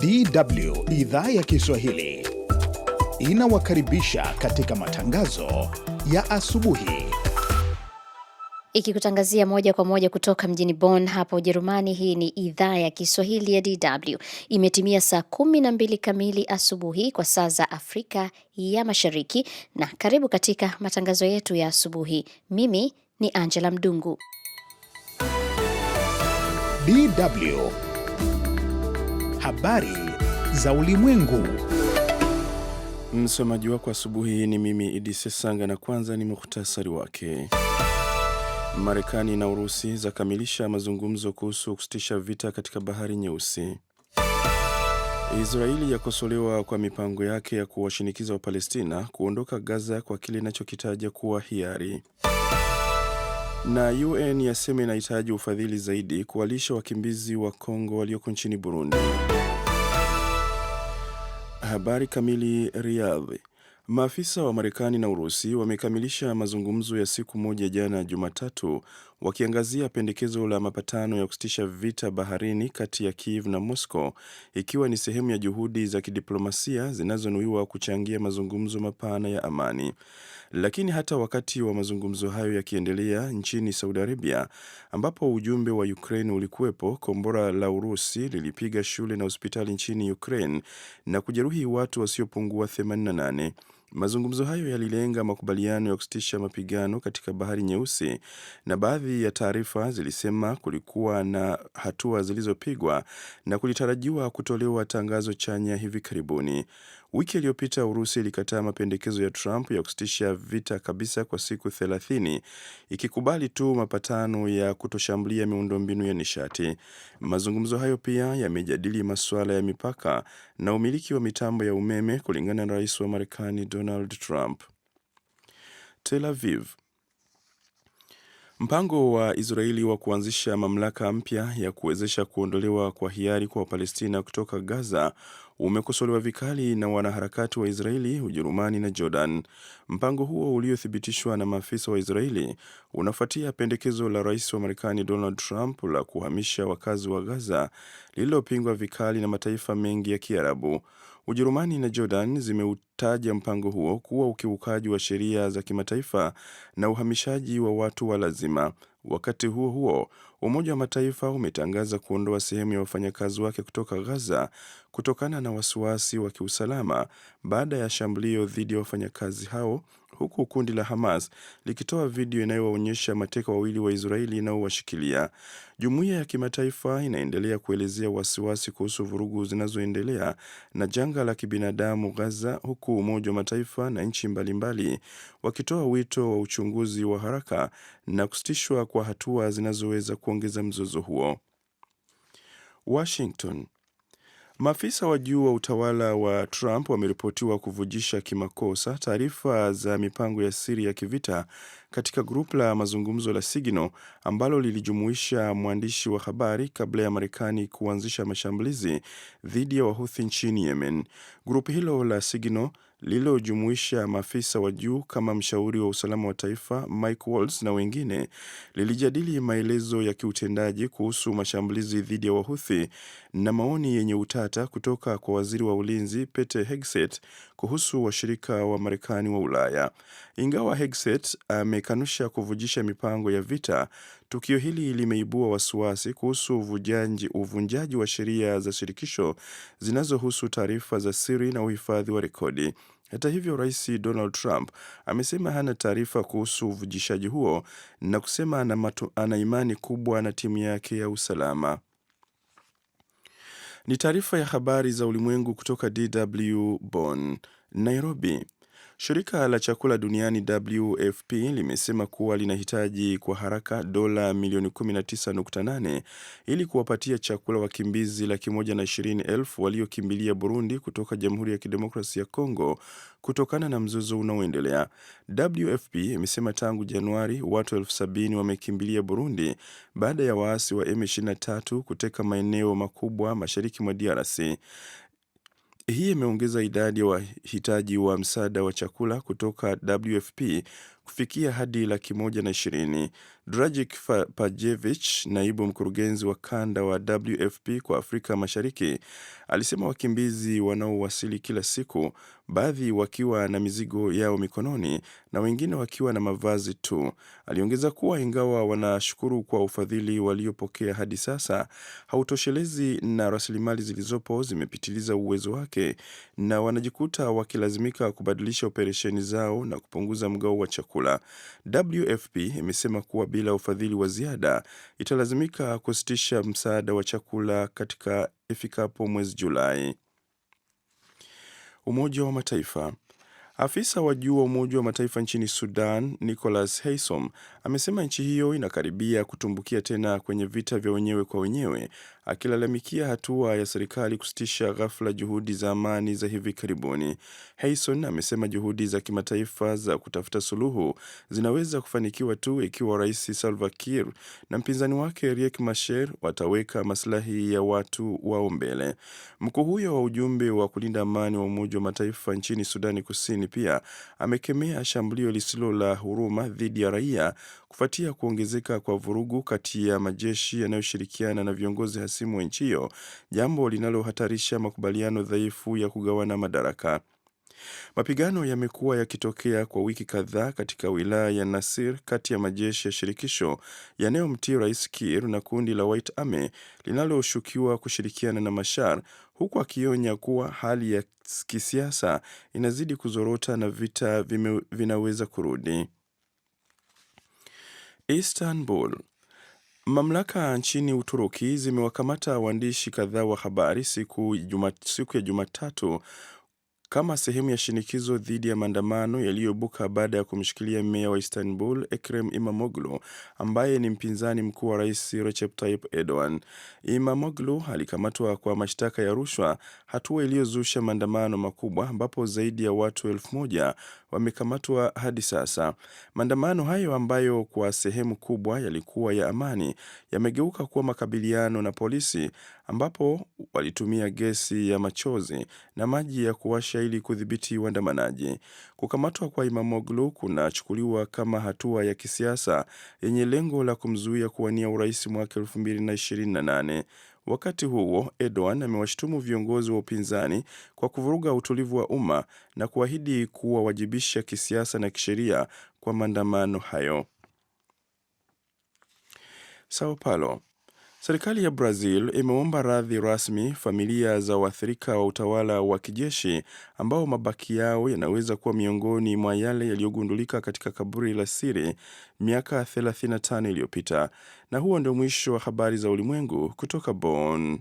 DW idhaa ya Kiswahili inawakaribisha katika matangazo ya asubuhi ikikutangazia moja kwa moja kutoka mjini Bonn hapa Ujerumani. Hii ni idhaa ya Kiswahili ya DW. Imetimia saa 12 kamili asubuhi kwa saa za Afrika ya Mashariki, na karibu katika matangazo yetu ya asubuhi. Mimi ni Angela Mdungu. DW Habari za Ulimwengu. Msomaji wako asubuhi hii ni mimi Idi Sesanga, na kwanza ni muhtasari wake. Marekani na Urusi zakamilisha mazungumzo kuhusu kusitisha vita katika bahari Nyeusi. Israeli yakosolewa kwa mipango yake ya kuwashinikiza Wapalestina kuondoka Gaza kwa kile inachokitaja kuwa hiari. Na UN yasema inahitaji ufadhili zaidi kuwalisha wakimbizi wa Kongo walioko nchini Burundi. Habari kamili. Riyadh. Maafisa wa Marekani na Urusi wamekamilisha mazungumzo ya siku moja jana Jumatatu wakiangazia pendekezo la mapatano ya kusitisha vita baharini kati ya Kiev na Moscow ikiwa ni sehemu ya juhudi za kidiplomasia zinazonuiwa kuchangia mazungumzo mapana ya amani. Lakini hata wakati wa mazungumzo hayo yakiendelea nchini Saudi Arabia, ambapo ujumbe wa Ukraine ulikuwepo, kombora la Urusi lilipiga shule na hospitali nchini Ukraine na kujeruhi watu wasiopungua 88. Mazungumzo hayo yalilenga makubaliano ya kusitisha mapigano katika Bahari Nyeusi na baadhi ya taarifa zilisema kulikuwa na hatua zilizopigwa na kulitarajiwa kutolewa tangazo chanya hivi karibuni. Wiki iliyopita Urusi ilikataa mapendekezo ya Trump ya kusitisha vita kabisa kwa siku thelathini ikikubali tu mapatano ya kutoshambulia miundombinu ya nishati. Mazungumzo hayo pia yamejadili masuala ya mipaka na umiliki wa mitambo ya umeme kulingana na Rais wa Marekani Donald Trump. Tel Aviv. Mpango wa Israeli wa kuanzisha mamlaka mpya ya kuwezesha kuondolewa kwa hiari kwa Wapalestina kutoka Gaza umekosolewa vikali na wanaharakati wa Israeli, Ujerumani na Jordan. Mpango huo uliothibitishwa na maafisa wa Israeli unafuatia pendekezo la rais wa Marekani Donald Trump la kuhamisha wakazi wa Gaza lililopingwa vikali na mataifa mengi ya Kiarabu. Ujerumani na Jordan zimeutaja mpango huo kuwa ukiukaji wa sheria za kimataifa na uhamishaji wa watu wa lazima. Wakati huo huo, Umoja wa Mataifa umetangaza kuondoa sehemu ya wafanyakazi wake kutoka Gaza kutokana na wasiwasi wa kiusalama baada ya shambulio dhidi ya wafanyakazi hao huku kundi la Hamas likitoa video inayowaonyesha mateka wawili wa Israeli inaowashikilia. Jumuiya ya kimataifa inaendelea kuelezea wasiwasi kuhusu vurugu zinazoendelea na janga la kibinadamu Gaza, huku Umoja wa Mataifa na nchi mbalimbali wakitoa wito wa uchunguzi wa haraka na kusitishwa kwa hatua zinazoweza kuongeza mzozo huo. Washington Maafisa wa juu wa utawala wa Trump wameripotiwa kuvujisha kimakosa taarifa za mipango ya siri ya kivita katika grupu la mazungumzo la Signal ambalo lilijumuisha mwandishi wa habari kabla ya Marekani kuanzisha mashambulizi dhidi ya Wahuthi nchini Yemen. Grupu hilo la Signal lililojumuisha maafisa wa juu kama mshauri wa usalama wa taifa Mike Waltz na wengine lilijadili maelezo ya kiutendaji kuhusu mashambulizi dhidi ya Wahuthi na maoni yenye utata kutoka kwa waziri wa ulinzi Pete Hegseth kuhusu washirika wa Marekani wa Ulaya. Ingawa Hegseth ame imeikanusha kuvujisha mipango ya vita. Tukio hili limeibua wasiwasi kuhusu uvujaji, uvunjaji wa sheria za shirikisho zinazohusu taarifa za siri na uhifadhi wa rekodi. Hata hivyo, Rais Donald Trump amesema hana taarifa kuhusu uvujishaji huo na kusema ana, matu, ana imani kubwa na timu yake ya usalama. Ni taarifa ya habari za ulimwengu kutoka DW Bonn, Nairobi. Shirika la chakula duniani WFP limesema kuwa linahitaji kwa haraka dola milioni 19.8 ili kuwapatia chakula wakimbizi laki moja na ishirini elfu waliokimbilia Burundi kutoka Jamhuri ya kidemokrasi ya congo kutokana na mzozo unaoendelea. WFP imesema tangu Januari watu elfu sabini wamekimbilia Burundi baada ya waasi wa M23 kuteka maeneo makubwa mashariki mwa DRC. Hii imeongeza idadi ya wahitaji wa msaada wa chakula kutoka WFP kufikia hadi laki moja na ishirini. Dragic Pajevich, naibu mkurugenzi wa kanda wa WFP kwa Afrika Mashariki, alisema wakimbizi wanaowasili kila siku, baadhi wakiwa na mizigo yao mikononi na wengine wakiwa na mavazi tu. Aliongeza kuwa ingawa wanashukuru kwa ufadhili waliopokea hadi sasa, hautoshelezi na rasilimali zilizopo zimepitiliza uwezo wake, na wanajikuta wakilazimika kubadilisha operesheni zao na kupunguza mgao wa chakula chakula, WFP imesema kuwa bila ufadhili wa ziada italazimika kusitisha msaada wa chakula katika ifikapo mwezi Julai. Umoja wa Mataifa. Afisa wa juu wa Umoja wa Mataifa nchini Sudan, Nicholas Haysom, amesema nchi hiyo inakaribia kutumbukia tena kwenye vita vya wenyewe kwa wenyewe akilalamikia hatua ya serikali kusitisha ghafla juhudi za amani za hivi karibuni. Hayson amesema juhudi za kimataifa za kutafuta suluhu zinaweza kufanikiwa tu ikiwa Rais Salva Kiir na mpinzani wake Riek Machar wataweka maslahi ya watu wao mbele. Mkuu huyo wa ujumbe wa kulinda amani wa Umoja wa Mataifa nchini Sudani Kusini pia amekemea shambulio lisilo la huruma dhidi ya raia kufuatia kuongezeka kwa vurugu kati ya majeshi yanayoshirikiana na viongozi hasi hasimu wa nchi hiyo, jambo linalohatarisha makubaliano dhaifu ya kugawana madaraka. Mapigano yamekuwa yakitokea kwa wiki kadhaa katika wilaya ya Nasir kati ya majeshi ya shirikisho yanayomtii rais Kiir na kundi la White Army linaloshukiwa kushirikiana na Mashar, huku akionya kuwa hali ya kisiasa inazidi kuzorota na vita vime, vinaweza kurudi Istanbul. Mamlaka nchini Uturuki zimewakamata waandishi kadhaa wa habari siku, juma, siku ya Jumatatu kama sehemu ya shinikizo dhidi ya maandamano yaliyobuka baada ya kumshikilia meya wa Istanbul Ekrem Imamoglu ambaye ni mpinzani mkuu wa rais Recep Tayyip Erdogan. Imamoglu alikamatwa kwa mashtaka ya rushwa, hatua iliyozusha maandamano makubwa ambapo zaidi ya watu elfu moja wamekamatwa hadi sasa. Maandamano hayo ambayo kwa sehemu kubwa yalikuwa ya amani yamegeuka kuwa makabiliano na polisi, ambapo walitumia gesi ya machozi na maji ya kuwasha ili kudhibiti waandamanaji. Kukamatwa kwa Imamoglu kunachukuliwa kama hatua ya kisiasa yenye lengo la kumzuia kuwania urais mwaka 228 Wakati huo, Erdogan amewashutumu viongozi wa upinzani kwa kuvuruga utulivu wa umma na kuahidi kuwawajibisha kisiasa na kisheria kwa maandamano hayo. Sao Paulo Serikali ya Brazil imeomba radhi rasmi familia za waathirika wa utawala wa kijeshi ambao mabaki yao yanaweza kuwa miongoni mwa yale yaliyogundulika katika kaburi la siri miaka 35 iliyopita. Na huo ndio mwisho wa habari za ulimwengu kutoka Bonn.